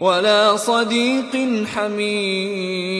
ولا صديق حميم